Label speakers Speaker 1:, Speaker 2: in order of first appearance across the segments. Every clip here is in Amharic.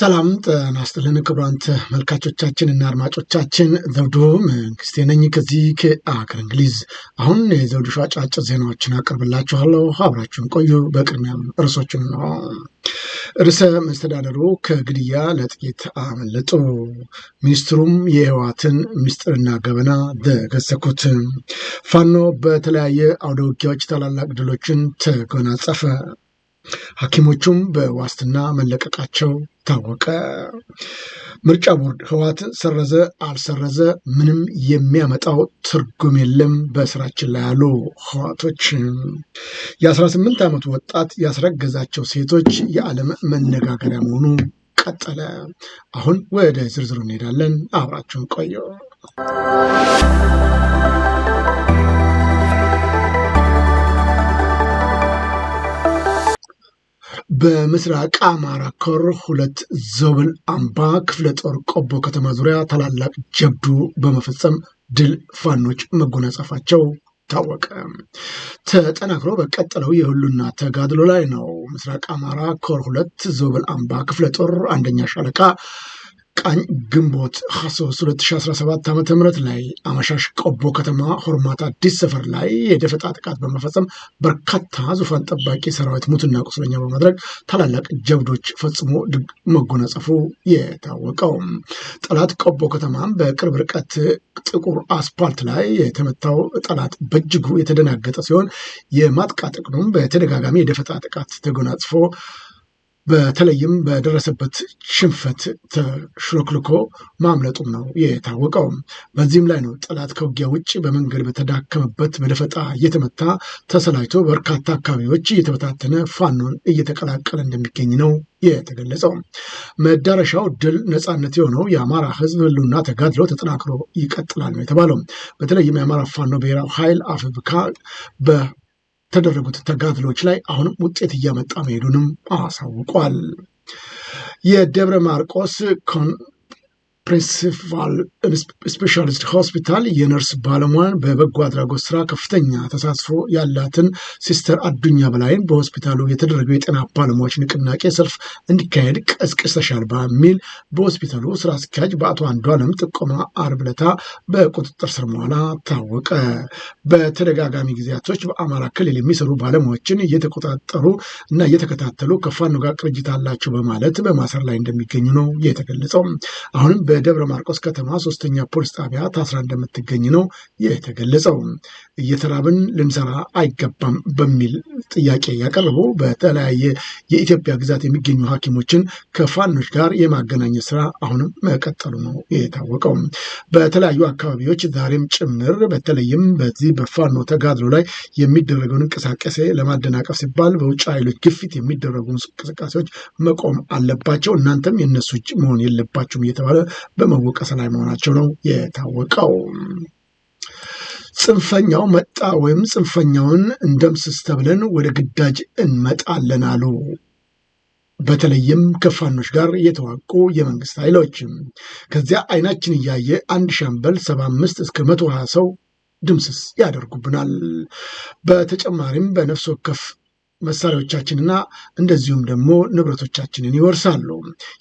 Speaker 1: ሰላም ጤና ይስጥልን ክቡራን እና አድማጮቻችን ዘውዱ መንግስቴ ነኝ ከዚህ ከአገረ እንግሊዝ። አሁን የዘውዱ ሾው አጫጭር ዜናዎችን አቀርብላችኋለሁ፣ አብራችሁን ቆዩ። በቅድሚያም ርዕሶችን ነው። ርዕሰ መስተዳደሩ ከግድያ ለጥቂት አመለጡ። ሚኒስትሩም የህወሓትን ምስጢርና ገበና ደገሰኩት ፋኖ በተለያየ አውደ ውጊያዎች ታላላቅ ድሎችን ተጎናጸፈ። ሐኪሞቹም በዋስትና መለቀቃቸው ታወቀ። ምርጫ ቦርድ ህወሓት ሰረዘ አልሰረዘ ምንም የሚያመጣው ትርጉም የለም በስራችን ላይ ያሉ ህወሓቶች። የ18 ዓመቱ ወጣት ያስረገዛቸው ሴቶች የዓለም መነጋገሪያ መሆኑ ቀጠለ። አሁን ወደ ዝርዝሩ እንሄዳለን። አብራችሁን ቆዩ። በምስራቅ አማራ ኮር ሁለት ዞብል አምባ ክፍለ ጦር ቆቦ ከተማ ዙሪያ ታላላቅ ጀብዱ በመፈጸም ድል ፋኖች መጎናጸፋቸው ታወቀ። ተጠናክሮ በቀጠለው የሁሉና ተጋድሎ ላይ ነው። ምስራቅ አማራ ኮር ሁለት ዞብል አምባ ክፍለ ጦር አንደኛ ሻለቃ ቃኝ ግንቦት 23 2017 ዓ ም ላይ አመሻሽ ቆቦ ከተማ ሆርማት አዲስ ሰፈር ላይ የደፈጣ ጥቃት በመፈጸም በርካታ ዙፋን ጠባቂ ሰራዊት ሙትና ቁስለኛ በማድረግ ታላላቅ ጀብዶች ፈጽሞ መጎናጸፉ የታወቀው ጠላት ቆቦ ከተማ በቅርብ ርቀት ጥቁር አስፓልት ላይ የተመታው ጠላት በእጅጉ የተደናገጠ ሲሆን የማጥቃት እቅዱም በተደጋጋሚ የደፈጣ ጥቃት ተጎናጽፎ በተለይም በደረሰበት ሽንፈት ተሽሎክልኮ ማምለጡም ነው የታወቀው። በዚህም ላይ ነው ጠላት ከውጊያ ውጭ በመንገድ በተዳከመበት በደፈጣ እየተመታ ተሰላጅቶ በርካታ አካባቢዎች እየተበታተነ ፋኖን እየተቀላቀለ እንደሚገኝ ነው የተገለጸው። መዳረሻው ድል ነፃነት የሆነው የአማራ ህዝብ ህልውና ተጋድሎ ተጠናክሮ ይቀጥላል ነው የተባለው። በተለይም የአማራ ፋኖ ብሔራዊ ኃይል አፍብካ ተደረጉት ተጋድሎች ላይ አሁንም ውጤት እያመጣ መሄዱንም አሳውቋል። የደብረ ማርቆስ ፕሪንስፓል ስፔሻሊስት ሆስፒታል የነርስ ባለሙያን በበጎ አድራጎት ስራ ከፍተኛ ተሳትፎ ያላትን ሲስተር አዱኛ በላይን በሆስፒታሉ የተደረገው የጤና ባለሙያዎች ንቅናቄ ሰልፍ እንዲካሄድ ቀስቅሰሻል በሚል በሆስፒታሉ ስራ አስኪያጅ በአቶ አንዱ አለም ጥቆማ አርብ ዕለት በቁጥጥር ስር መዋላ ታወቀ። በተደጋጋሚ ጊዜያቶች በአማራ ክልል የሚሰሩ ባለሙያዎችን እየተቆጣጠሩ እና እየተከታተሉ ከፋኖ ጋር ቅርጅት አላቸው በማለት በማሰር ላይ እንደሚገኙ ነው የተገለጸው። አሁንም በደብረ ማርቆስ ከተማ ሶስተኛ ፖሊስ ጣቢያ ታስራ እንደምትገኝ ነው የተገለጸው። እየተራብን ልንሰራ አይገባም በሚል ጥያቄ ያቀረቡ በተለያየ የኢትዮጵያ ግዛት የሚገኙ ሐኪሞችን ከፋኖች ጋር የማገናኘት ስራ አሁንም መቀጠሉ ነው የታወቀው። በተለያዩ አካባቢዎች ዛሬም ጭምር በተለይም በዚህ በፋኖ ተጋድሎ ላይ የሚደረገውን እንቅስቃሴ ለማደናቀፍ ሲባል በውጭ ኃይሎች ግፊት የሚደረጉ እንቅስቃሴዎች መቆም አለባቸው፣ እናንተም የነሱ እጅ መሆን የለባቸውም እየተባለ በመወቀስ ላይ መሆናቸው ነው የታወቀው። ጽንፈኛው መጣ ወይም ጽንፈኛውን እንደምስስ ተብለን ወደ ግዳጅ እንመጣለን አሉ። በተለይም ከፋኖች ጋር የተዋቁ የመንግስት ኃይሎች ከዚያ አይናችን እያየ አንድ ሻምበል ሰባ አምስት እስከ መቶ ሀያ ሰው ድምስስ ያደርጉብናል። በተጨማሪም በነፍስ ወከፍ መሳሪያዎቻችንና እንደዚሁም ደግሞ ንብረቶቻችንን ይወርሳሉ።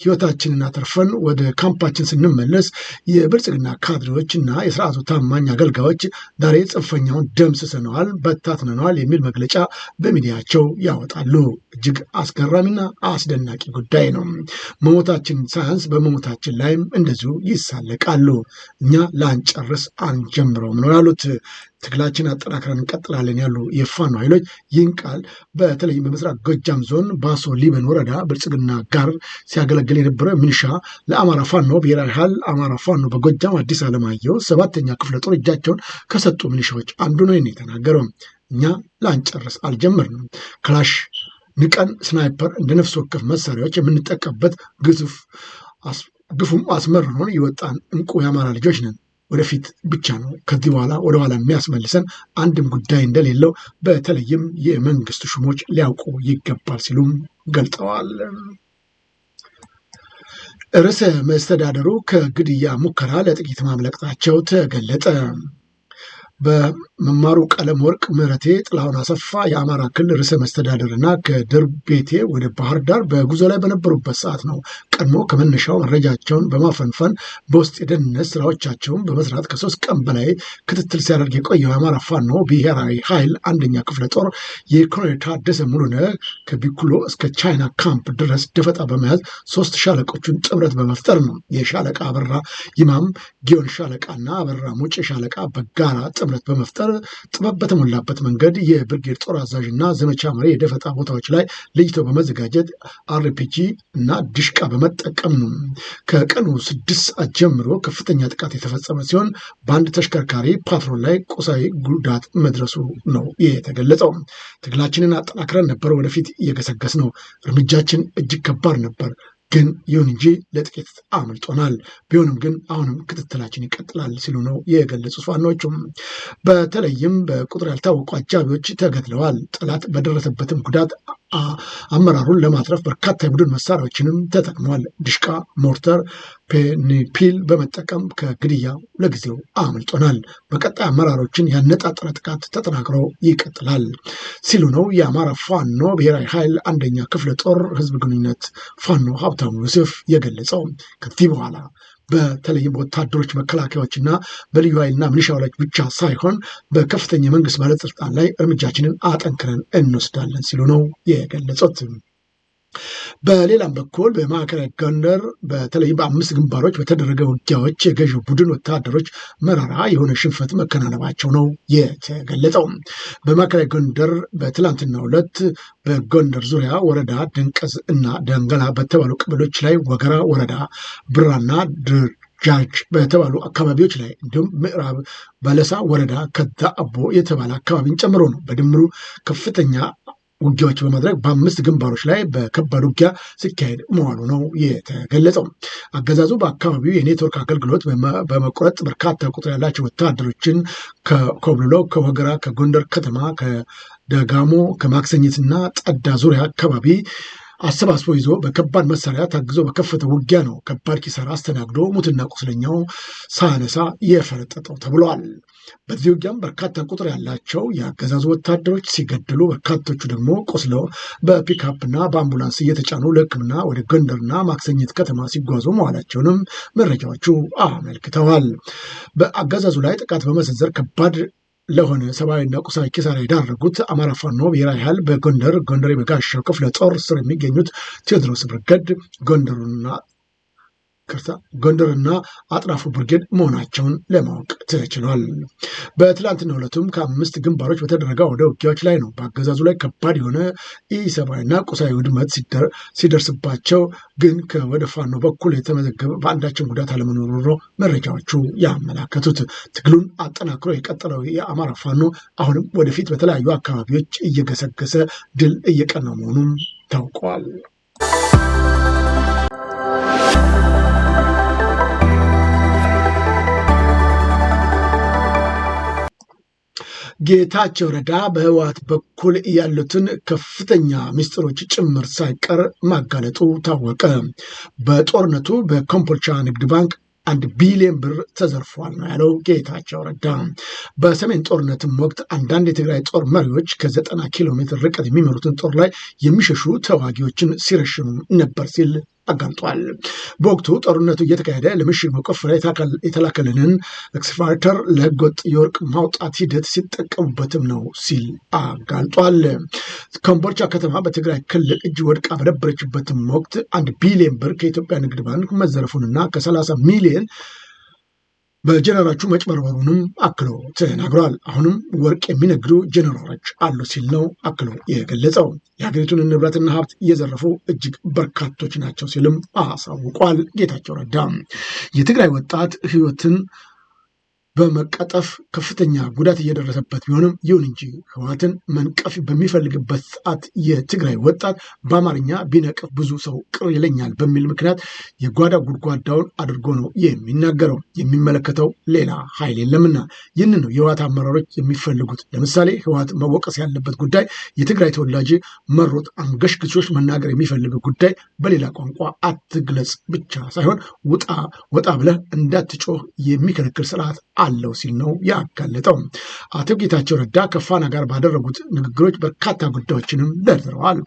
Speaker 1: ህይወታችንን አተርፈን ወደ ካምፓችን ስንመለስ የብልጽግና ካድሬዎች እና የስርዓቱ ታማኝ አገልጋዮች ዛሬ ጽንፈኛውን ደምስሰነዋል፣ በታትነነዋል የሚል መግለጫ በሚዲያቸው ያወጣሉ። እጅግ አስገራሚና አስደናቂ ጉዳይ ነው። መሞታችን ሳያንስ በመሞታችን ላይም እንደዚሁ ይሳለቃሉ። እኛ ለአንጨርስ አንጀምረውም ነው ያሉት ትግላችን አጠናክረን እንቀጥላለን ያሉ የፋኖ ኃይሎች ይህን ቃል በተለይም በምስራቅ ጎጃም ዞን ባሶ ሊበን ወረዳ ብልጽግና ጋር ሲያገለግል የነበረ ሚኒሻ ለአማራ ፋኖ ብሔራዊ ኃይል አማራ ፋኖ በጎጃም አዲስ አለማየሁ ሰባተኛ ክፍለ ጦር እጃቸውን ከሰጡ ሚኒሻዎች አንዱ ነው የተናገረው። እኛ ላንጨርስ አልጀመርንም። ክላሽ ንቀን ስናይፐር እንደ ነፍስ ወከፍ መሳሪያዎች የምንጠቀምበት ግዙፍ ግፉም አስመርኖን የወጣን እንቁ የአማራ ልጆች ነን ወደፊት ብቻ ነው ከዚህ በኋላ ኋላ የሚያስመልሰን አንድም ጉዳይ እንደሌለው በተለይም የመንግስት ሹሞች ሊያውቁ ይገባል ሲሉም ገልጠዋል። ርዕሰ መስተዳደሩ ከግድያ ሙከራ ለጥቂት ማምለጣቸው ተገለጠ። በመማሩ ቀለም ወርቅ ምረቴ ጥላሁን አሰፋ የአማራ ክልል ርዕሰ መስተዳደርና ከደርብ ቤቴ ወደ ባህር ዳር በጉዞ ላይ በነበሩበት ሰዓት ነው። ቀድሞ ከመነሻው መረጃቸውን በማፈንፈን በውስጥ የደህንነት ስራዎቻቸውን በመስራት ከሶስት ቀን በላይ ክትትል ሲያደርግ የቆየው የአማራ ፋኖ ብሔራዊ ኃይል አንደኛ ክፍለ ጦር የኮሎኔል ታደሰ ሙሉነ ከቢኩሎ እስከ ቻይና ካምፕ ድረስ ደፈጣ በመያዝ ሶስት ሻለቆቹን ጥምረት በመፍጠር ነው የሻለቃ አበራ ይማም ጊዮን ሻለቃና አበራ ሙጭ ሻለቃ በጋራ ጥምረት በመፍጠር ጥበብ በተሞላበት መንገድ የብርጌድ ጦር አዛዥ እና ዘመቻ መሪ የደፈጣ ቦታዎች ላይ ለይተው በመዘጋጀት አርፒጂ እና ድሽቃ በመጠቀም ነው። ከቀኑ ስድስት ሰዓት ጀምሮ ከፍተኛ ጥቃት የተፈጸመ ሲሆን በአንድ ተሽከርካሪ ፓትሮል ላይ ቁሳዊ ጉዳት መድረሱ ነው የተገለጸው። ትግላችንን አጠናክረን ነበር ወደፊት እየገሰገስ ነው። እርምጃችን እጅግ ከባድ ነበር። ግን ይሁን እንጂ ለጥቂት አምልጦናል። ቢሆንም ግን አሁንም ክትትላችን ይቀጥላል ሲሉ ነው የገለጹ ፋኖቹም በተለይም በቁጥር ያልታወቁ አጃቢዎች ተገድለዋል። ጠላት በደረሰበትም ጉዳት አመራሩን ለማትረፍ በርካታ የቡድን መሳሪያዎችንም ተጠቅሟል። ድሽቃ፣ ሞርተር፣ ፔኒፒል በመጠቀም ከግድያ ለጊዜው አምልጦናል። በቀጣይ አመራሮችን ያነጣጠረ ጥቃት ተጠናክሮ ይቀጥላል ሲሉ ነው የአማራ ፋኖ ብሔራዊ ኃይል አንደኛ ክፍለ ጦር ህዝብ ግንኙነት ፋኖ ሀብታሙ ዮሴፍ የገለጸው። ከዚህ በኋላ በተለይም በወታደሮች መከላከያዎችና በልዩ ኃይልና ሚሊሻው ብቻ ሳይሆን በከፍተኛ የመንግስት ባለስልጣን ላይ እርምጃችንን አጠንክረን እንወስዳለን ሲሉ ነው የገለጹት። በሌላም በኩል በማዕከላዊ ጎንደር በተለይ በአምስት ግንባሮች በተደረገ ውጊያዎች የገዢው ቡድን ወታደሮች መራራ የሆነ ሽንፈት መከናነባቸው ነው የተገለጸው። በማዕከላዊ ጎንደር በትላንትና ሁለት በጎንደር ዙሪያ ወረዳ ድንቀስ እና ደንገላ በተባሉ ቀበሌዎች ላይ ወገራ ወረዳ ብራና ድር ጃጅ በተባሉ አካባቢዎች ላይ እንዲሁም ምዕራብ በለሳ ወረዳ ከዳ አቦ የተባለ አካባቢን ጨምሮ ነው በድምሩ ከፍተኛ ውጊያዎች በማድረግ በአምስት ግንባሮች ላይ በከባድ ውጊያ ሲካሄድ መዋሉ ነው የተገለጸው። አገዛዙ በአካባቢው የኔትወርክ አገልግሎት በመቁረጥ በርካታ ቁጥር ያላቸው ወታደሮችን ከኮብልሎ፣ ከወገራ፣ ከጎንደር ከተማ፣ ከደጋሞ፣ ከማክሰኝትና ጠዳ ዙሪያ አካባቢ አሰባስቦ ይዞ በከባድ መሳሪያ ታግዞ በከፈተ ውጊያ ነው ከባድ ኪሳራ አስተናግዶ ሙትና ቁስለኛው ሳነሳ የፈረጠጠው ተብሏል። በዚህ ውጊያም በርካታ ቁጥር ያላቸው የአገዛዙ ወታደሮች ሲገደሉ በርካቶቹ ደግሞ ቆስለው በፒክአፕና በአምቡላንስ እየተጫኑ ለሕክምና ወደ ጎንደርና ማክሰኝት ከተማ ሲጓዙ መዋላቸውንም መረጃዎቹ አመልክተዋል። በአገዛዙ ላይ ጥቃት በመሰንዘር ከባድ ለሆነ ሰብአዊና ቁሳዊ ኪሳራ የዳረጉት አማራ ፋኖ ብሔራዊ ኃይል በጎንደር ጎንደር የበጋሻው ክፍለ ጦር ስር የሚገኙት ቴዎድሮስ ብርገድ ጎንደሩና ቅርታ ጎንደርና አጥናፉ ብርጌድ መሆናቸውን ለማወቅ ተችሏል። በትላንትና ሁለቱም ከአምስት ግንባሮች በተደረገ ወደ ውጊያዎች ላይ ነው በአገዛዙ ላይ ከባድ የሆነ ኢሰብአዊና ቁሳዊ ውድመት ሲደርስባቸው ግን ከወደ ፋኖ በኩል የተመዘገበ በአንዳችን ጉዳት አለመኖሩ ነው መረጃዎቹ ያመላከቱት። ትግሉን አጠናክሮ የቀጠለው የአማራ ፋኖ አሁንም ወደፊት በተለያዩ አካባቢዎች እየገሰገሰ ድል እየቀና መሆኑም ታውቋል። ጌታቸው ረዳ በህወሓት በኩል ያሉትን ከፍተኛ ሚስጥሮች ጭምር ሳይቀር ማጋለጡ ታወቀ። በጦርነቱ በኮምቦልቻ ንግድ ባንክ አንድ ቢሊዮን ብር ተዘርፏል ነው ያለው ጌታቸው ረዳ። በሰሜን ጦርነትም ወቅት አንዳንድ የትግራይ ጦር መሪዎች ከዘጠና ኪሎ ሜትር ርቀት የሚመሩትን ጦር ላይ የሚሸሹ ተዋጊዎችን ሲረሽኑ ነበር ሲል አጋምጧል። በወቅቱ ጦርነቱ እየተካሄደ ለምሽግ መቆፈሪያ የተላከልንን ኤክስካቫተር ለህገወጥ የወርቅ ማውጣት ሂደት ሲጠቀሙበትም ነው ሲል አጋልጧል። ኮምቦልቻ ከተማ በትግራይ ክልል እጅ ወድቃ በነበረችበትም ወቅት አንድ ቢሊዮን ብር ከኢትዮጵያ ንግድ ባንክ መዘረፉንና ከ30 ሚሊዮን በጀነራሎቹ መጭበርበሩንም አክሎ ተናግሯል። አሁንም ወርቅ የሚነግዱ ጀነራሎች አሉ ሲል ነው አክሎ የገለጸው። የሀገሪቱን ንብረትና ሀብት እየዘረፉ እጅግ በርካቶች ናቸው ሲልም አሳውቋል። ጌታቸው ረዳ የትግራይ ወጣት ህይወትን በመቀጠፍ ከፍተኛ ጉዳት እየደረሰበት ቢሆንም ይሁን እንጂ ህወሓትን መንቀፍ በሚፈልግበት ሰዓት የትግራይ ወጣት በአማርኛ ቢነቅፍ ብዙ ሰው ቅር ይለኛል በሚል ምክንያት የጓዳ ጉድጓዳውን አድርጎ ነው የሚናገረው። የሚመለከተው ሌላ ኃይል የለምና ይህን ነው የህወሓት አመራሮች የሚፈልጉት። ለምሳሌ ህወሓት መወቀስ ያለበት ጉዳይ የትግራይ ተወላጅ መሮጥ አንገሽግሾች መናገር የሚፈልገው ጉዳይ በሌላ ቋንቋ አትግለጽ ብቻ ሳይሆን ውጣ ወጣ ብለህ እንዳትጮህ የሚከለክል ስርዓት አለው ሲል ነው ያጋለጠው። አቶ ጌታቸው ረዳ ከፋና ጋር ባደረጉት ንግግሮች በርካታ ጉዳዮችንም ደርድረዋል።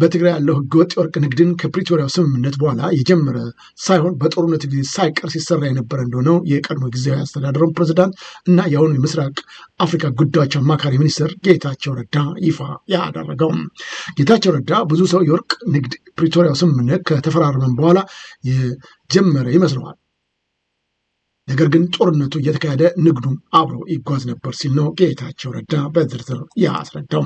Speaker 1: በትግራይ ያለው ህገወጥ የወርቅ ንግድን ከፕሪቶሪያው ስምምነት በኋላ የጀመረ ሳይሆን በጦርነት ጊዜ ሳይቀር ሲሰራ የነበረ እንደሆነው የቀድሞ ጊዜያዊ አስተዳደሩን ፕሬዚዳንት እና የአሁኑ የምስራቅ አፍሪካ ጉዳዮች አማካሪ ሚኒስትር ጌታቸው ረዳ ይፋ ያደረገው። ጌታቸው ረዳ ብዙ ሰው የወርቅ ንግድ ፕሪቶሪያው ስምምነት ከተፈራረመን በኋላ የጀመረ ይመስለዋል። ነገር ግን ጦርነቱ እየተካሄደ ንግዱም አብሮ ይጓዝ ነበር ሲል ነው ጌታቸው ረዳ በዝርዝር ያስረዳው።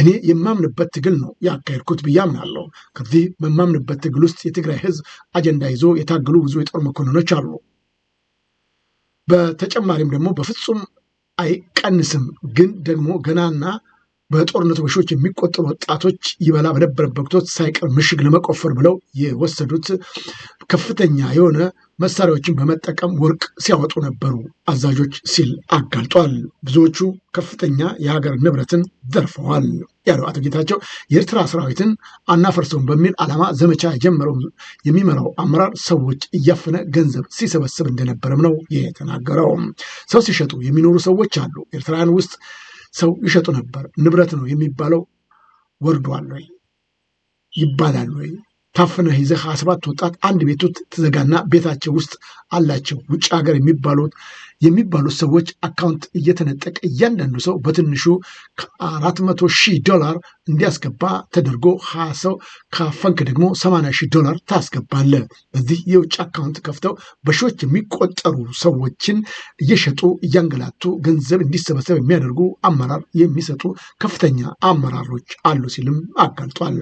Speaker 1: እኔ የማምንበት ትግል ነው ያካሄድኩት ብያምናለሁ። ከዚህ በማምንበት ትግል ውስጥ የትግራይ ህዝብ አጀንዳ ይዞ የታገሉ ብዙ የጦር መኮንኖች አሉ። በተጨማሪም ደግሞ በፍጹም አይቀንስም፣ ግን ደግሞ ገናና በጦርነቱ በሺዎች የሚቆጠሩ ወጣቶች ይበላ በነበረበት ወቅቶች ሳይቀር ምሽግ ለመቆፈር ብለው የወሰዱት ከፍተኛ የሆነ መሳሪያዎችን በመጠቀም ወርቅ ሲያወጡ ነበሩ አዛዦች ሲል አጋልጧል። ብዙዎቹ ከፍተኛ የሀገር ንብረትን ዘርፈዋል ያለው አቶ ጌታቸው የኤርትራ ሰራዊትን አናፈርሰውን በሚል ዓላማ ዘመቻ የጀመረው የሚመራው አመራር ሰዎች እያፈነ ገንዘብ ሲሰበስብ እንደነበረም ነው የተናገረው። ሰው ሲሸጡ የሚኖሩ ሰዎች አሉ ኤርትራውያን ውስጥ ሰው ይሸጡ ነበር። ንብረት ነው የሚባለው ወርዷል ወይ ይባላል ወይ? ታፍነህ ይዘህ አስራት ወጣት አንድ ቤቱት ትዘጋና ቤታቸው ውስጥ አላቸው ውጭ ሀገር የሚባሉት የሚባሉት ሰዎች አካውንት እየተነጠቀ እያንዳንዱ ሰው በትንሹ ከአራት መቶ ሺህ ዶላር እንዲያስገባ ተደርጎ ሀያ ሰው ካፈንክ ደግሞ ሰማንያ ሺህ ዶላር ታስገባለ። በዚህ የውጭ አካውንት ከፍተው በሺዎች የሚቆጠሩ ሰዎችን እየሸጡ እያንገላቱ ገንዘብ እንዲሰበሰብ የሚያደርጉ አመራር የሚሰጡ ከፍተኛ አመራሮች አሉ ሲልም አጋልጧል።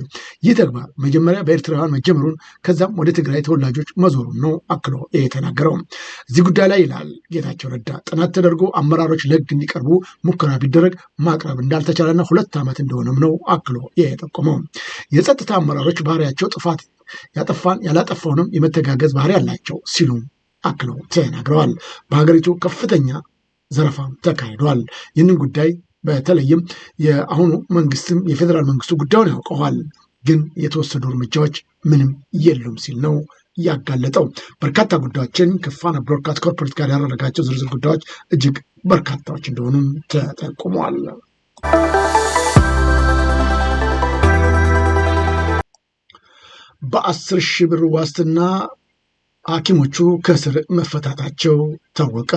Speaker 1: ይህ ተግባር መጀመሪያ በኤርትራውያን መጀመሩን ከዛም ወደ ትግራይ ተወላጆች መዞሩን ነው አክሎ የተናገረው። እዚህ ጉዳይ ላይ ይላል ጌታቸው ጌታቸው ረዳ ጥናት ተደርጎ አመራሮች ለህግ እንዲቀርቡ ሙከራ ቢደረግ ማቅረብ እንዳልተቻለና ሁለት ዓመት እንደሆነም ነው አክሎ የጠቆመው። የጸጥታ አመራሮች ባህሪያቸው ጥፋት ያጠፋን ያላጠፋውንም የመተጋገዝ ባህሪ አላቸው ሲሉም አክለው ተናግረዋል። በሀገሪቱ ከፍተኛ ዘረፋም ተካሂዷል። ይህንን ጉዳይ በተለይም የአሁኑ መንግስትም የፌዴራል መንግስቱ ጉዳዩን ያውቀዋል፣ ግን የተወሰዱ እርምጃዎች ምንም የሉም ሲል ነው ያጋለጠው። በርካታ ጉዳዮችን ከፋና ብሮድካስት ኮርፖሬት ጋር ያደረጋቸው ዝርዝር ጉዳዮች እጅግ በርካታዎች እንደሆኑም ተጠቁሟል። በአስር ሺህ ብር ዋስትና ሐኪሞቹ ከእስር መፈታታቸው ታወቀ።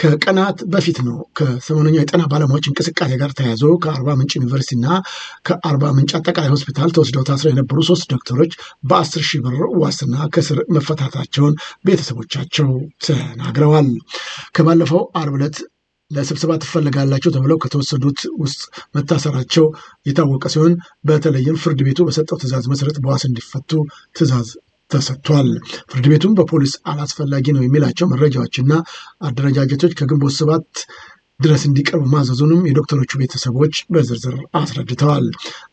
Speaker 1: ከቀናት በፊት ነው ከሰሞነኛ የጤና ባለሙያዎች እንቅስቃሴ ጋር ተያይዞ ከአርባ ምንጭ ዩኒቨርሲቲና ከአርባ ምንጭ አጠቃላይ ሆስፒታል ተወስደው ታስረው የነበሩ ሶስት ዶክተሮች በአስር ሺህ ብር ዋስና ከእስር መፈታታቸውን ቤተሰቦቻቸው ተናግረዋል። ከባለፈው አርብ ዕለት ለስብሰባ ትፈልጋላቸው ተብለው ከተወሰዱት ውስጥ መታሰራቸው የታወቀ ሲሆን በተለይም ፍርድ ቤቱ በሰጠው ትዕዛዝ መሰረት በዋስ እንዲፈቱ ትዕዛዝ ተሰጥቷል። ፍርድ ቤቱም በፖሊስ አላስፈላጊ ነው የሚላቸው መረጃዎችና አደረጃጀቶች ከግንቦት ሰባት ድረስ እንዲቀርቡ ማዘዙንም የዶክተሮቹ ቤተሰቦች በዝርዝር አስረድተዋል።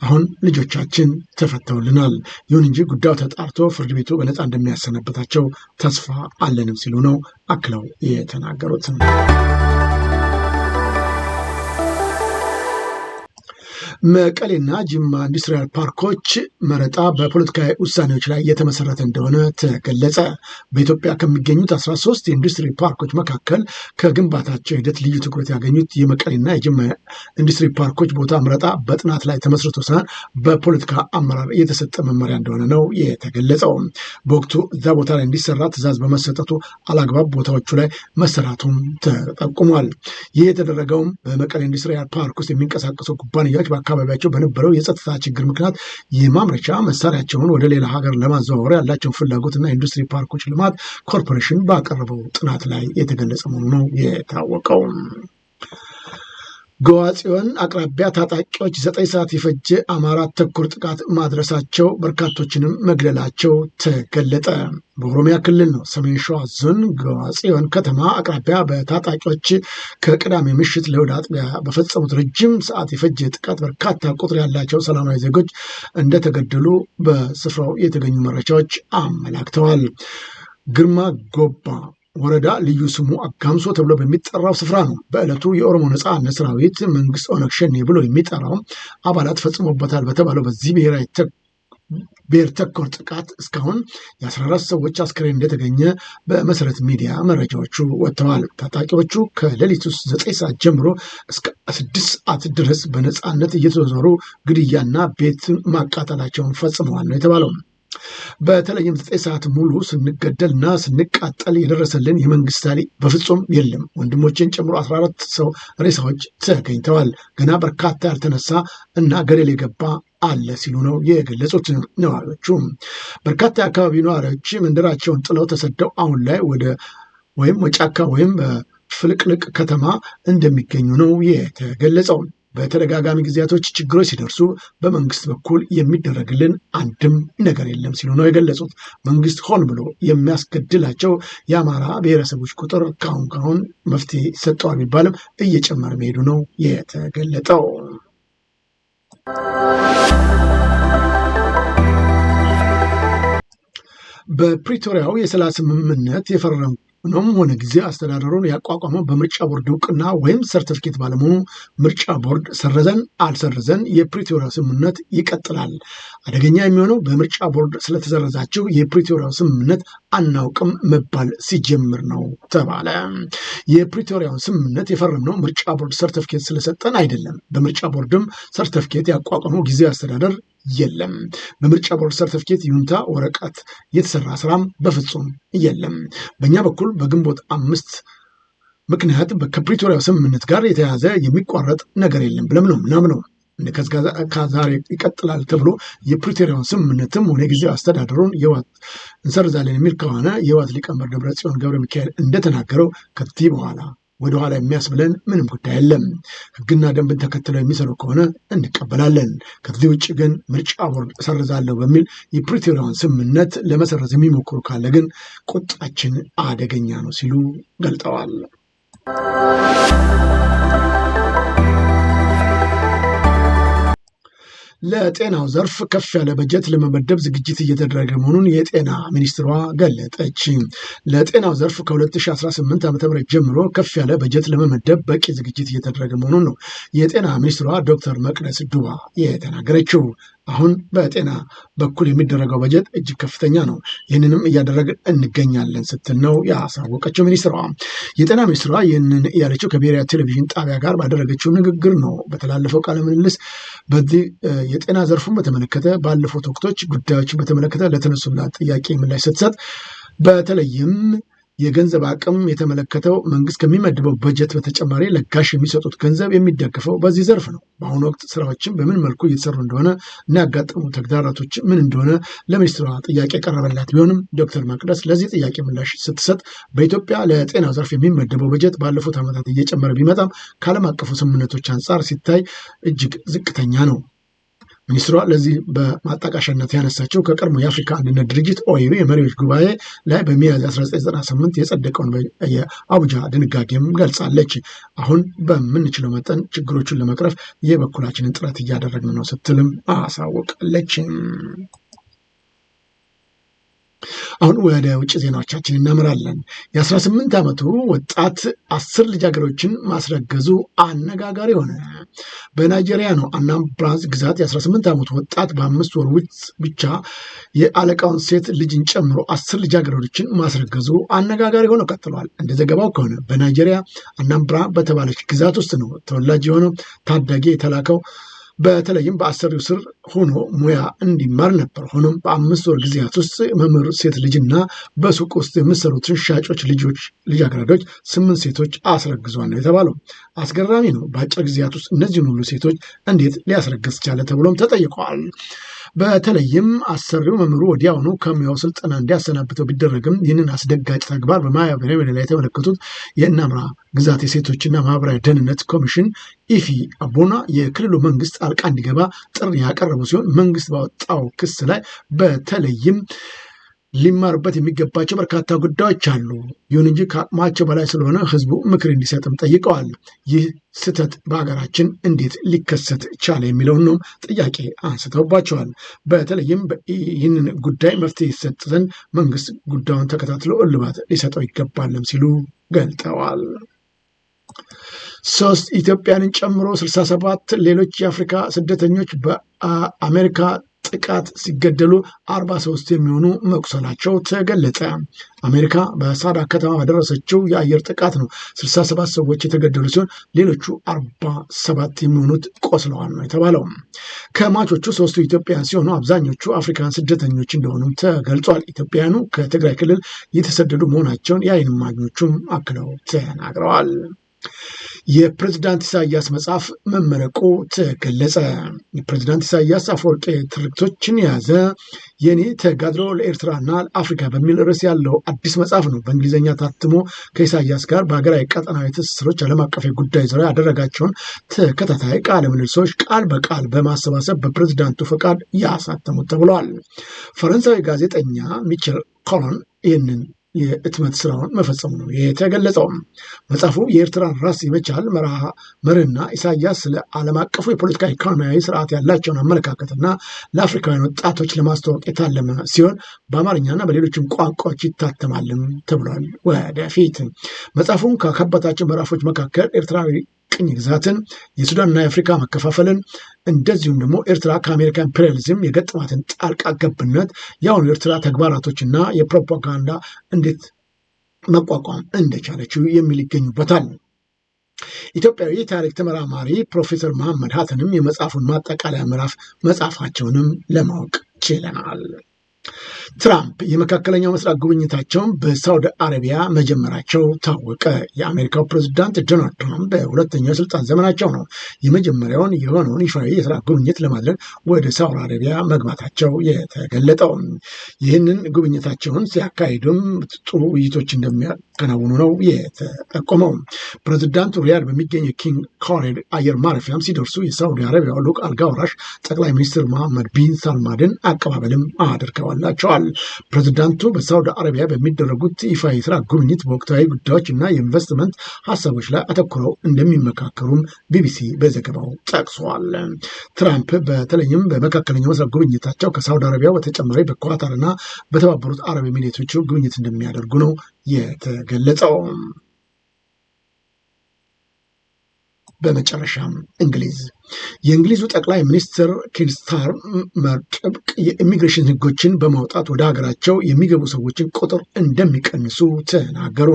Speaker 1: አሁን ልጆቻችን ተፈተውልናል፣ ይሁን እንጂ ጉዳዩ ተጣርቶ ፍርድ ቤቱ በነፃ እንደሚያሰነበታቸው ተስፋ አለንም ሲሉ ነው አክለው የተናገሩት። መቀሌና ጅማ ኢንዱስትሪያል ፓርኮች መረጣ በፖለቲካዊ ውሳኔዎች ላይ የተመሰረተ እንደሆነ ተገለጸ። በኢትዮጵያ ከሚገኙት 13 የኢንዱስትሪ ፓርኮች መካከል ከግንባታቸው ሂደት ልዩ ትኩረት ያገኙት የመቀሌና የጅማ ኢንዱስትሪ ፓርኮች ቦታ መረጣ በጥናት ላይ ተመስርቶ ሳይሆን በፖለቲካ አመራር የተሰጠ መመሪያ እንደሆነ ነው የተገለጸው። በወቅቱ እዛ ቦታ ላይ እንዲሰራ ትዕዛዝ በመሰጠቱ አላግባብ ቦታዎቹ ላይ መሰራቱም ተጠቁሟል። ይህ የተደረገውም በመቀሌ ኢንዱስትሪያል ፓርክ ውስጥ የሚንቀሳቀሱ ኩባንያዎች በአካባቢ በአካባቢያቸው በነበረው የጸጥታ ችግር ምክንያት የማምረቻ መሳሪያቸውን ወደ ሌላ ሀገር ለማዘዋወር ያላቸው እና ኢንዱስትሪ ፓርኮች ልማት ኮርፖሬሽን ባቀረበው ጥናት ላይ የተገለጸ መሆኑ ነው የታወቀው። ገዋጽዮን አቅራቢያ ታጣቂዎች ዘጠኝ ሰዓት የፈጀ አማራ ተኮር ጥቃት ማድረሳቸው በርካቶችንም መግደላቸው ተገለጠ። በኦሮሚያ ክልል ነው ሰሜን ሸዋ ዞን ገዋጽዮን ከተማ አቅራቢያ በታጣቂዎች ከቅዳሜ ምሽት ለእሁድ አጥቢያ በፈጸሙት ረጅም ሰዓት የፈጀ ጥቃት በርካታ ቁጥር ያላቸው ሰላማዊ ዜጎች እንደተገደሉ በስፍራው የተገኙ መረጃዎች አመላክተዋል። ግርማ ጎባ ወረዳ ልዩ ስሙ አጋምሶ ተብሎ በሚጠራው ስፍራ ነው። በዕለቱ የኦሮሞ ነፃነት ሰራዊት መንግስት ኦነግ ሸኔ ብሎ የሚጠራው አባላት ፈጽሞበታል በተባለው በዚህ ብሔራዊ ብሔር ተኮር ጥቃት እስካሁን የ14 ሰዎች አስክሬን እንደተገኘ በመሰረት ሚዲያ መረጃዎቹ ወጥተዋል። ታጣቂዎቹ ውስጥ 9 ሰዓት ጀምሮ እስከ 6 ሰዓት ድረስ በነፃነት እየተዘዘሩ ግድያና ቤት ማቃጠላቸውን ፈጽመዋል ነው የተባለው። በተለይም ዘጠኝ ሰዓት ሙሉ ስንገደልና ስንቃጠል የደረሰልን የመንግስት ኃይል በፍጹም የለም። ወንድሞችን ጨምሮ 14 ሰው ሬሳዎች ተገኝተዋል። ገና በርካታ ያልተነሳ እና ገደል የገባ አለ ሲሉ ነው የገለጹት። ነዋሪዎቹ በርካታ የአካባቢ ነዋሪዎች መንደራቸውን ጥለው ተሰደው አሁን ላይ ወደ ወይም ወጫካ ወይም ፍልቅልቅ ከተማ እንደሚገኙ ነው የተገለጸው። በተደጋጋሚ ጊዜያቶች ችግሮች ሲደርሱ በመንግስት በኩል የሚደረግልን አንድም ነገር የለም ሲሉ ነው የገለጹት። መንግስት ሆን ብሎ የሚያስገድላቸው የአማራ ብሔረሰቦች ቁጥር ካሁን ካሁን መፍትሄ ሰጠዋል ቢባልም እየጨመረ መሄዱ ነው የተገለጠው። በፕሪቶሪያው የሰላም ስምምነት የፈረምኩ ሆኖም ሆነ ጊዜ አስተዳደሩን ያቋቋመው በምርጫ ቦርድ እውቅና ወይም ሰርተፍኬት ባለመሆኑ ምርጫ ቦርድ ሰረዘን አልሰረዘን የፕሪቶሪያ ስምምነት ይቀጥላል። አደገኛ የሚሆነው በምርጫ ቦርድ ስለተሰረዛቸው የፕሪቶሪያ ስምምነት አናውቅም መባል ሲጀምር ነው ተባለ። የፕሪቶሪያውን ስምምነት የፈረምነው ምርጫ ቦርድ ሰርተፍኬት ስለሰጠን አይደለም። በምርጫ ቦርድም ሰርተፍኬት ያቋቋመው ጊዜ አስተዳደር የለም። በምርጫ ቦርድ ሰርተፍኬት ይሁንታ ወረቀት የተሰራ ስራም በፍጹም የለም። በእኛ በኩል በግንቦት አምስት ምክንያት ከፕሪቶሪያው ስምምነት ጋር የተያዘ የሚቋረጥ ነገር የለም ብለም ነው ምናምነው ከዛሬ ይቀጥላል ተብሎ የፕሪቶሪያውን ስምምነትም ሆነ ጊዜ አስተዳደሩን የዋት እንሰርዛለን የሚል ከሆነ የዋት ሊቀመንበር ደብረጽዮን ገብረ ሚካኤል እንደተናገረው ከዚህ በኋላ ወደኋላ የሚያስብለን ምንም ጉዳይ የለም። ህግና ደንብን ተከትለው የሚሰሩ ከሆነ እንቀበላለን። ከዚህ ውጭ ግን ምርጫ ቦርድ እሰርዛለሁ በሚል የፕሪቶሪያውን ስምምነት ለመሰረዝ የሚሞክሩ ካለ ግን ቁጣችን አደገኛ ነው ሲሉ ገልጠዋል። ለጤናው ዘርፍ ከፍ ያለ በጀት ለመመደብ ዝግጅት እየተደረገ መሆኑን የጤና ሚኒስትሯ ገለጠች። ለጤናው ዘርፍ ከ2018 ዓ ም ጀምሮ ከፍ ያለ በጀት ለመመደብ በቂ ዝግጅት እየተደረገ መሆኑን ነው የጤና ሚኒስትሯ ዶክተር መቅደስ ዱባ የተናገረችው። አሁን በጤና በኩል የሚደረገው በጀት እጅግ ከፍተኛ ነው። ይህንንም እያደረግን እንገኛለን ስትል ነው ያሳወቀችው ሚኒስትሯ። የጤና ሚኒስትሯ ይህንን ያለችው ከብሔራዊ ቴሌቪዥን ጣቢያ ጋር ባደረገችው ንግግር ነው። በተላለፈው ቃለ ምልልስ በዚህ የጤና ዘርፉን በተመለከተ ባለፉት ወቅቶች ጉዳዮችን በተመለከተ ለተነሱላት ጥያቄ ምላሽ ስትሰጥ በተለይም የገንዘብ አቅም የተመለከተው መንግስት ከሚመድበው በጀት በተጨማሪ ለጋሽ የሚሰጡት ገንዘብ የሚደግፈው በዚህ ዘርፍ ነው። በአሁኑ ወቅት ስራዎችን በምን መልኩ እየተሰሩ እንደሆነ እና ያጋጠሙ ተግዳራቶች ምን እንደሆነ ለሚኒስትሯ ጥያቄ ቀረበላት ቢሆንም ዶክተር መቅደስ ለዚህ ጥያቄ ምላሽ ስትሰጥ በኢትዮጵያ ለጤናው ዘርፍ የሚመደበው በጀት ባለፉት ዓመታት እየጨመረ ቢመጣም ከዓለም አቀፉ ስምምነቶች አንጻር ሲታይ እጅግ ዝቅተኛ ነው ሚኒስትሯ ለዚህ በማጣቀሻነት ያነሳቸው ከቀድሞ የአፍሪካ አንድነት ድርጅት ኦዩ የመሪዎች ጉባኤ ላይ በሚያዝያ 1998 የጸደቀውን የአቡጃ ድንጋጌም ገልጻለች። አሁን በምንችለው መጠን ችግሮቹን ለመቅረፍ የበኩላችንን ጥረት እያደረግን ነው ስትልም አሳውቃለች። አሁን ወደ ውጭ ዜናዎቻችን እናምራለን። የ የ18 ዓመቱ ወጣት አስር ልጃገረዶችን ማስረገዙ አነጋጋሪ ሆነ። በናይጄሪያ ነው አናምብራዝ ግዛት የ18 ዓመቱ ወጣት በአምስት ወር ውስጥ ብቻ የአለቃውን ሴት ልጅን ጨምሮ አስር ልጃገረዶችን ማስረገዙ አነጋጋሪ ሆኖ ቀጥሏል። እንደ ዘገባው ከሆነ በናይጄሪያ አናምብራ በተባለች ግዛት ውስጥ ነው ተወላጅ የሆነው ታዳጊ የተላከው በተለይም በአሰሪው ስር ሆኖ ሙያ እንዲማር ነበር። ሆኖም በአምስት ወር ጊዜያት ውስጥ መምህር ሴት ልጅና በሱቅ ውስጥ የምሰሩትን ሻጮች ልጆች ልጃገረዶች ስምንት ሴቶች አስረግዟል ነው የተባለው። አስገራሚ ነው። በአጭር ጊዜያት ውስጥ እነዚህን ሁሉ ሴቶች እንዴት ሊያስረግዝ ቻለ ተብሎም ተጠይቀዋል። በተለይም አሰሪው መምህሩ ወዲያውኑ ከሙያው ስልጠና እንዲያሰናብተው ቢደረግም ይህንን አስደጋጭ ተግባር በማህበራዊ ሚዲያ ላይ የተመለከቱት የእናምራ ግዛት የሴቶችና ማህበራዊ ደህንነት ኮሚሽን ኢፊ አቦና የክልሉ መንግስት ጣልቃ እንዲገባ ጥሪ ያቀረቡ ሲሆን መንግስት ባወጣው ክስ ላይ በተለይም ሊማሩበት የሚገባቸው በርካታ ጉዳዮች አሉ። ይሁን እንጂ ከአቅማቸው በላይ ስለሆነ ህዝቡ ምክር እንዲሰጥም ጠይቀዋል። ይህ ስህተት በሀገራችን እንዴት ሊከሰት ቻለ የሚለውን ነው ጥያቄ አንስተውባቸዋል። በተለይም ይህንን ጉዳይ መፍትሄ ይሰጥ ዘንድ መንግስት ጉዳዩን ተከታትሎ እልባት ሊሰጠው ይገባልም ሲሉ ገልጠዋል። ሶስት ኢትዮጵያንን ጨምሮ ስልሳ ሰባት ሌሎች የአፍሪካ ስደተኞች በአሜሪካ ጥቃት ሲገደሉ 43 የሚሆኑ መቁሰላቸው ተገለጸ። አሜሪካ በሳዳ ከተማ በደረሰችው የአየር ጥቃት ነው 67 ሰዎች የተገደሉ ሲሆን ሌሎቹ 47 የሚሆኑት ቆስለዋል ነው የተባለው። ከሟቾቹ ሶስቱ ኢትዮጵያውያን ሲሆኑ አብዛኞቹ አፍሪካን ስደተኞች እንደሆኑም ተገልጿል። ኢትዮጵያውያኑ ከትግራይ ክልል የተሰደዱ መሆናቸውን የአይን እማኞቹም አክለው ተናግረዋል። የፕሬዝዳንት ኢሳያስ መጽሐፍ መመረቁ ተገለጸ። የፕሬዝዳንት ኢሳያስ አፈወርቂ ትርክቶችን የያዘ የኔ ተጋድሎ ለኤርትራና ለአፍሪካ በሚል ርዕስ ያለው አዲስ መጽሐፍ ነው በእንግሊዝኛ ታትሞ ከኢሳያስ ጋር በሀገራዊ ቀጠናዊ ትስስሮች ዓለም አቀፍ ጉዳይ ዙሪያ ያደረጋቸውን ተከታታይ ቃለ ምልልሶች ቃል በቃል በማሰባሰብ በፕሬዝዳንቱ ፈቃድ ያሳተሙት ተብሏል። ፈረንሳዊ ጋዜጠኛ ሚችል ኮሎን ይህንን የእትመት ስራውን መፈጸሙ ነው የተገለጸው። መጽሐፉ የኤርትራን ራስ የመቻል መርህና ኢሳያስ ስለ ዓለም አቀፉ የፖለቲካ ኢኮኖሚያዊ ስርዓት ያላቸውን አመለካከትና ለአፍሪካውያን ወጣቶች ለማስተዋወቅ የታለመ ሲሆን በአማርኛና በሌሎችም ቋንቋዎች ይታተማልም ተብሏል። ወደፊት መጽሐፉን ካካባታቸው ምዕራፎች መካከል ኤርትራዊ ቅኝ ግዛትን፣ የሱዳንና የአፍሪካ መከፋፈልን እንደዚሁም ደግሞ ኤርትራ ከአሜሪካ ኢምፔሪያሊዝም የገጠማትን ጣልቃ ገብነት የአሁኑ ኤርትራ ተግባራቶችና የፕሮፓጋንዳ እንዴት መቋቋም እንደቻለችው የሚል ይገኙበታል። ኢትዮጵያዊ ታሪክ ተመራማሪ ፕሮፌሰር መሐመድ ሀተንም የመጽሐፉን ማጠቃለያ ምዕራፍ መጽሐፋቸውንም ለማወቅ ችለናል። ትራምፕ የመካከለኛው ምስራቅ ጉብኝታቸውን በሳውዲ አረቢያ መጀመራቸው ታወቀ። የአሜሪካው ፕሬዚዳንት ዶናልድ ትራምፕ በሁለተኛው የስልጣን ዘመናቸው ነው የመጀመሪያውን የሆነውን ይፋዊ የስራ ጉብኝት ለማድረግ ወደ ሳውዲ አረቢያ መግባታቸው የተገለጠው። ይህንን ጉብኝታቸውን ሲያካሂዱም ጥሩ ውይይቶች እንደሚያከናውኑ ነው የተጠቆመው። ፕሬዚዳንቱ ሪያድ በሚገኘው ኪንግ ካሊድ አየር ማረፊያም ሲደርሱ የሳውዲ አረቢያ ልዑክ አልጋ ወራሽ ጠቅላይ ሚኒስትር መሐመድ ቢን ሳልማድን አቀባበልም አድርገዋላቸዋል። ተናግረዋል። ፕሬዚዳንቱ በሳውዲ አረቢያ በሚደረጉት ይፋ የስራ ጉብኝት በወቅታዊ ጉዳዮች እና የኢንቨስትመንት ሀሳቦች ላይ አተኩረው እንደሚመካከሩም ቢቢሲ በዘገባው ጠቅሷል። ትራምፕ በተለይም በመካከለኛው ምስራቅ ጉብኝታቸው ከሳውዲ አረቢያ በተጨማሪ በኳታርና በተባበሩት አረብ ኤሚሬቶች ጉብኝት እንደሚያደርጉ ነው የተገለጸው። በመጨረሻም እንግሊዝ የእንግሊዙ ጠቅላይ ሚኒስትር ኪር ጥብቅ የኢሚግሬሽን ህጎችን በማውጣት ወደ ሀገራቸው የሚገቡ ሰዎችን ቁጥር እንደሚቀንሱ ተናገሩ።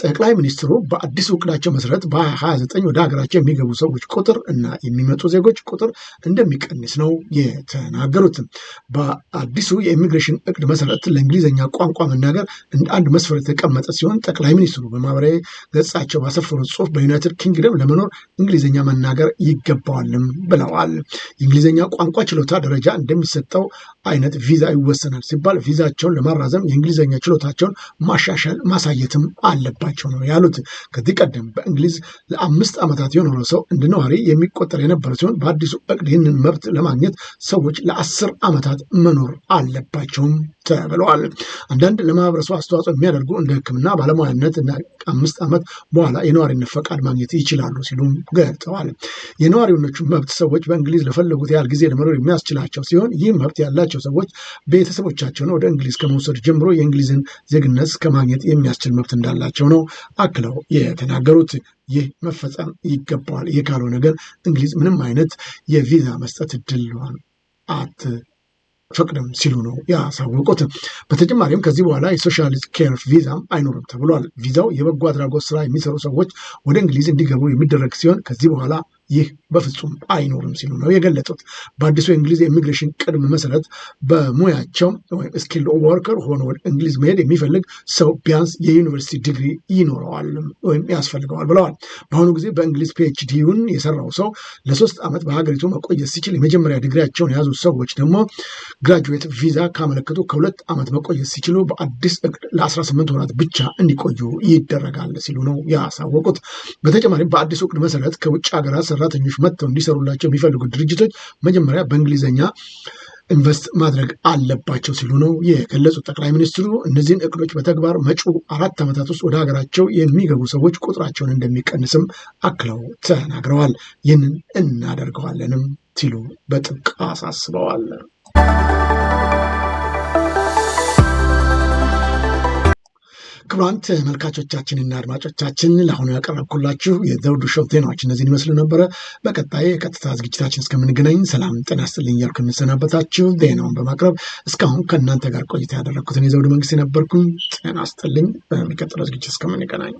Speaker 1: ጠቅላይ ሚኒስትሩ በአዲስ እቅዳቸው መሰረት በ 29 ወደ ሀገራቸው የሚገቡ ሰዎች ቁጥር እና የሚመጡ ዜጎች ቁጥር እንደሚቀንስ ነው የተናገሩት። በአዲሱ የኢሚግሬሽን እቅድ መሰረት ለእንግሊዝኛ ቋንቋ መናገር እንደ አንድ መስፈር የተቀመጠ ሲሆን ጠቅላይ ሚኒስትሩ በማህበራዊ ገጻቸው ባሰፈሩት ጽሁፍ በዩናይትድ ኪንግደም ለመኖር እንግሊዝኛ መናገር ይገባል ይኖረዋልም ብለዋል። የእንግሊዝኛ ቋንቋ ችሎታ ደረጃ እንደሚሰጠው አይነት ቪዛ ይወሰናል ሲባል ቪዛቸውን ለማራዘም የእንግሊዝኛ ችሎታቸውን ማሻሻል ማሳየትም አለባቸው ነው ያሉት። ከዚህ ቀደም በእንግሊዝ ለአምስት ዓመታት የኖረ ሰው እንደ ነዋሪ የሚቆጠር የነበረ ሲሆን በአዲሱ እቅድ ይህንን መብት ለማግኘት ሰዎች ለአስር ዓመታት መኖር አለባቸውም ተብለዋል። አንዳንድ ለማህበረሰቡ አስተዋጽኦ የሚያደርጉ እንደ ህክምና ባለሙያነት አምስት ዓመት በኋላ የነዋሪነት ፈቃድ ማግኘት ይችላሉ ሲሉም ገልጠዋል የነዋሪነቱ መብት ሰዎች በእንግሊዝ ለፈለጉት ያህል ጊዜ ለመኖር የሚያስችላቸው ሲሆን ይህ መብት ያላቸው ሰዎች ቤተሰቦቻቸውን ወደ እንግሊዝ ከመውሰድ ጀምሮ የእንግሊዝን ዜግነት እስከማግኘት የሚያስችል መብት እንዳላቸው ነው አክለው የተናገሩት። ይህ መፈጸም ይገባዋል። ይህ ካልሆነ ግን እንግሊዝ ምንም አይነት የቪዛ መስጠት እድሏን አት ፈቅድም ሲሉ ነው ያሳወቁት። በተጨማሪም ከዚህ በኋላ የሶሻል ኬር ቪዛም አይኖርም ተብሏል። ቪዛው የበጎ አድራጎት ስራ የሚሰሩ ሰዎች ወደ እንግሊዝ እንዲገቡ የሚደረግ ሲሆን ከዚህ በኋላ ይህ በፍጹም አይኖርም ሲሉ ነው የገለጹት። በአዲሱ የእንግሊዝ የኢሚግሬሽን ቅድም መሰረት በሙያቸው ወይም ስኪልድ ወርከር ሆኖ እንግሊዝ መሄድ የሚፈልግ ሰው ቢያንስ የዩኒቨርሲቲ ዲግሪ ይኖረዋል ወይም ያስፈልገዋል ብለዋል። በአሁኑ ጊዜ በእንግሊዝ ፒኤችዲውን የሰራው ሰው ለሶስት ዓመት በሀገሪቱ መቆየት ሲችል የመጀመሪያ ዲግሪያቸውን የያዙ ሰዎች ደግሞ ግራጁዌት ቪዛ ካመለከቱ ከሁለት ዓመት መቆየት ሲችሉ በአዲስ እቅድ ለ18 ወራት ብቻ እንዲቆዩ ይደረጋል ሲሉ ነው ያሳወቁት። በተጨማሪም በአዲሱ እቅድ መሰረት ከውጭ ሀገራት ሰራተኞች መጥተው እንዲሰሩላቸው የሚፈልጉት ድርጅቶች መጀመሪያ በእንግሊዝኛ ኢንቨስት ማድረግ አለባቸው ሲሉ ነው የገለጹት። ጠቅላይ ሚኒስትሩ እነዚህን እቅዶች በተግባር መጪው አራት ዓመታት ውስጥ ወደ ሀገራቸው የሚገቡ ሰዎች ቁጥራቸውን እንደሚቀንስም አክለው ተናግረዋል። ይህንን እናደርገዋለንም ሲሉ በጥብቅ አሳስበዋል። ክቡራን ተመልካቾቻችንና አድማጮቻችን ለአሁኑ ያቀረብኩላችሁ የዘውዱ ሾው ዜናዎች እነዚህን ይመስሉ ነበረ። በቀጣይ የቀጥታ ዝግጅታችን እስከምንገናኝ ሰላም ጤና ይስጥልኝ እያልኩ የምሰናበታችሁ ዜናውን በማቅረብ እስካሁን ከእናንተ ጋር ቆይታ ያደረግኩትን የዘውዱ መንግስት የነበርኩኝ ጤና ይስጥልኝ። በሚቀጥለው ዝግጅት እስከምንገናኝ